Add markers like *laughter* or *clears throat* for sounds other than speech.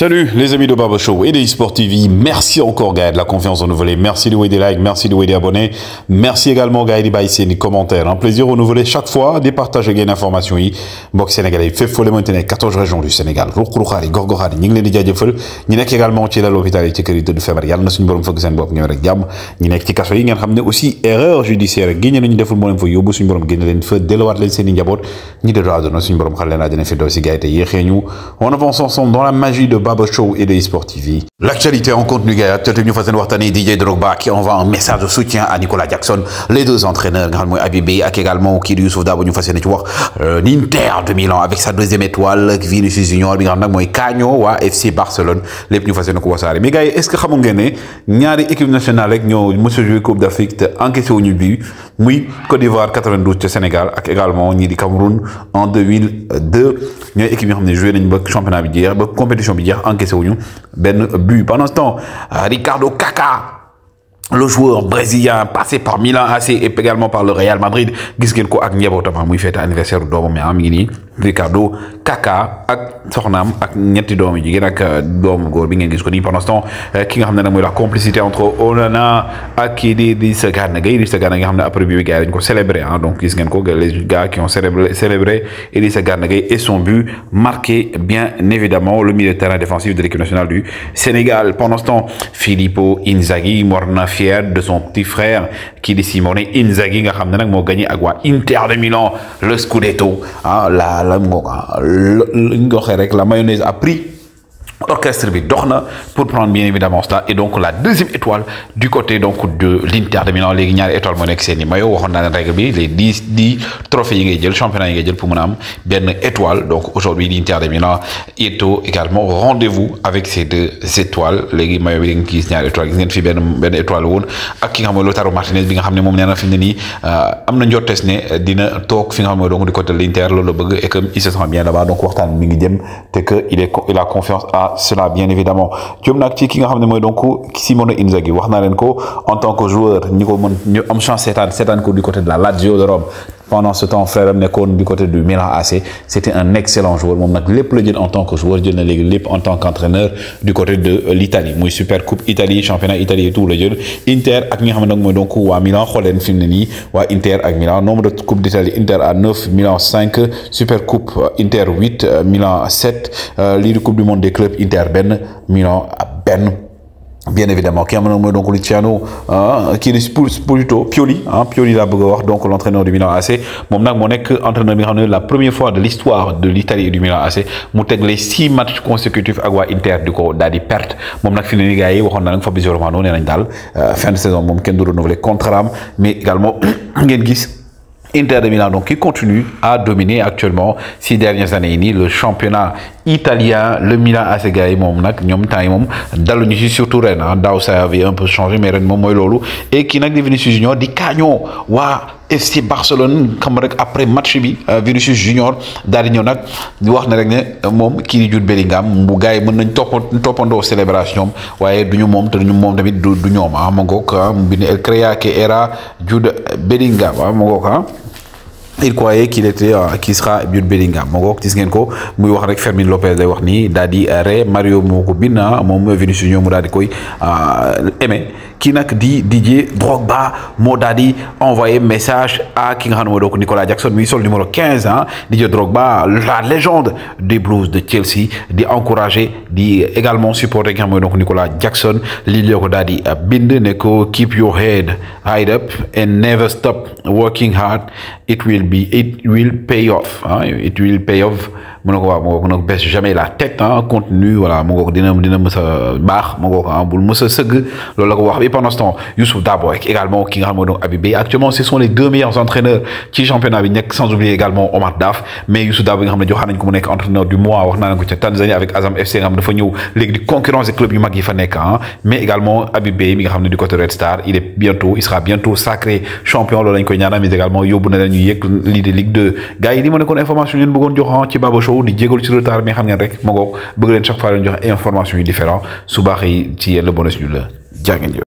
Salut les amis de Baba Show et de eSport TV. Merci encore Gaël de la confiance renouvelée. Merci de vous des likes, merci de vous des abonnés. Merci également Gaël de baisser les commentaires. Un plaisir renouvelé chaque fois de partager des informations. Box sénégalais fait folle maintenant 14 régions du Sénégal. Roukhoukhari, Gorgokhari, ñi ngi leen di jaajëfal ñi nekk également ci lal hôpital yi ci kër yi tëdd feebar yàlla na suñu borom fëgg seen bopp ñëw rek jàmm ñi nekk ci kaso yi ngeen xam aussi erreur judiciaire génne nañu deful moo leen fa yóbbu suñu borom génne leen fa delluwaat leen seen i njaboot ñi dëdoo àdduna suñu borom xal leen àddina fi daw si gaay te ñu on avance ensemble dans la magie de Babo Show et de eSport TV. L'actualité en contenu, Tottenham Fazen Wartani, DJ Drogba qui envoie un message de soutien à Nicolas Jackson, les deux entraîneurs, grandement Abibé, et également Kiri Youssouf Dabo Fazen Network, l'Inter de Milan avec sa deuxième étoile, Vinicius Junior, Migranda Moy Cagno, wa FC Barcelone, les plus Fazen Kouassare. Mais gars, est-ce que vous savez, ñaari équipe nationale rek ñoo mësa jouer Coupe d'Afrique te encaissé wuñu bi Oui, Côte d'Ivoire 92 ca Sénégal ak également ñii di Cameroun en 2002 ñooy équipe yi nga xam joué nañ ba championnat bi jeex ba compétition bi dire encaissé ben but. Pendant ce temps, Ricardo Caca le joueur brésilien passé par Milan AC et également par le Real Madrid gisquelko a ko ak njabootam de fête anniversaire de Ricardo Kaka ak soxnaam ak ñetti yi jigéen euh, pendant ce temps euh, ki nga xamne la complicité entre Onana ak kii di Idrissa Gana Gueye nga après bi gars ko célébré hein. donc gis ngeen ko les gars qui ont célébré célébré Idrissa et son but marqué bien évidemment le milieu de terrain défensif de l'équipe nationale du Sénégal pendant ce temps Filippo Inzaghi morna fier de son petit frère qui Simone Inzaghi nga xamné nak mo gagné ak Inter de Milan le Scudetto ah, la la ah, la mayonnaise a pris orchestre bi dox pour prendre bien évidemment cela et donc la deuxième étoile du côté donc de l'Inter de Milan les ñaari étoile moo nekk seen i maillot waxoon les dix dix trophées yi jël championnat yi jël pour mon âme am étoile donc aujourd'hui l'Inter de Milan au également rendez-vous avec ces deux étoiles les Mayo bi da nga gis ñaari étoile gis ngeen fi benn benn étoile woon ak ki nga xam Martinez bi nga xam ne moom nee na fi mu ne nii euh, am na dina donc du côté de l'Inter le la bëgg et comme il se sent bien là-bas donc waxtaan mi ngi jëm te que il est il a confiance à cela bien évidemment jëm nak ci ki nga xam moy donc Simone Inzaghi wax naa ko en tant que joueur ñi ko mën ñu am chance setan setan ko du côté de la Lazio de Rome pendant ce temps frère Mekon du côté du Milan AC c'était un excellent joueur On a lépp la en tant que joueur jël na en tant qu'entraîneur du côté de l'Italie super coupe Italie championnat Italie et tout le jeu. Inter ak nga xam nak Milan ni wa Inter ak Milan nombre de coupe d'Italie Inter à 9 Milan 5 super coupe euh, Inter 8 euh, Milan 7 euh, Ligue coupe du monde des clubs Inter Ben, Milan Ben bien évidemment qui a donc Luciano hein, qui est plutôt Pioli hein, Pioli laa donc l'entraîneur du Milan AC moom nag moo nekk entraîneur bi nga la première fois de l'histoire de l'Italie et du Milan AC mu les six matchs consécutifs à l'inter Inter du coup daal perte moom nag fini ne ni on a une fois nag Romano nee nañ euh, fin de saison moom kenn du contre contrat mais également *clears throat* ngeen Inter de Milan donc qui continue à dominer actuellement ces dernières années ni le championnat italien le Milan a gars yi nak nag ñoom temps yi moom ci surtout ah, avait un peu changé mais ren et qui nak di Vinicius Junior di ou à FC Barcelone comme rek après match bi euh, Vinicius Junior dans di di wax ne rek ne Bellingham bu gay nañ célébration du duñu mom du ah, ah, era Bellingham il croyait qu'il était euh, qu'il sera Jude Bellingham moo ko gis ngeen ko muy wax rek Fermin Lopez de wax ni dadi Mario Moko Bina bind venu Vinicius ñoo mu di koy euh, aimé qui dit di Didier Drogba Modadi envoyé message à King nga Nicolas Jackson sur sol numéro 15 hein Didier Drogba la légende des Blues de Chelsea dit encourager dit également supporter King Nicolas Jackson Lily la ko Neko, keep your head high up and never stop working hard it will be it will pay off hein, it will pay off mu ne baisse jamais la tête en hein, contenu voilà mon gars dina dina mës a baax un ngoog ah hein, bul mës a sëgg wax et pendant ce temps Youssouf Dabo également qui ramène Abibé actuellement ce sont les deux meilleurs entraîneurs qui championnat bi sans oublier également Omar Daf mais Youssouf Dabo nga xam ne joxaan nañ ko entraîneur du mois wax naa ne ko ca Tanzanie avec Azam FC nga Fonyo dafa ñëw concurrence des clubs yu mag yi fa hein. mais également Abibé Beye mi nga du côté Red Star il est bientôt il sera bientôt sacré champion loolu lañ koy mais également yóbbu na leen ñu yëg de Ligue 2 gars yi li ma nekkoon information yi ngeen bëggoon jox ci wu di jégalu ci retard bi xam ngeen rek ma ngoog bëgg leen chaque fois leen jox information yu différent su baax yi ci yella bonus ñu la jàngeen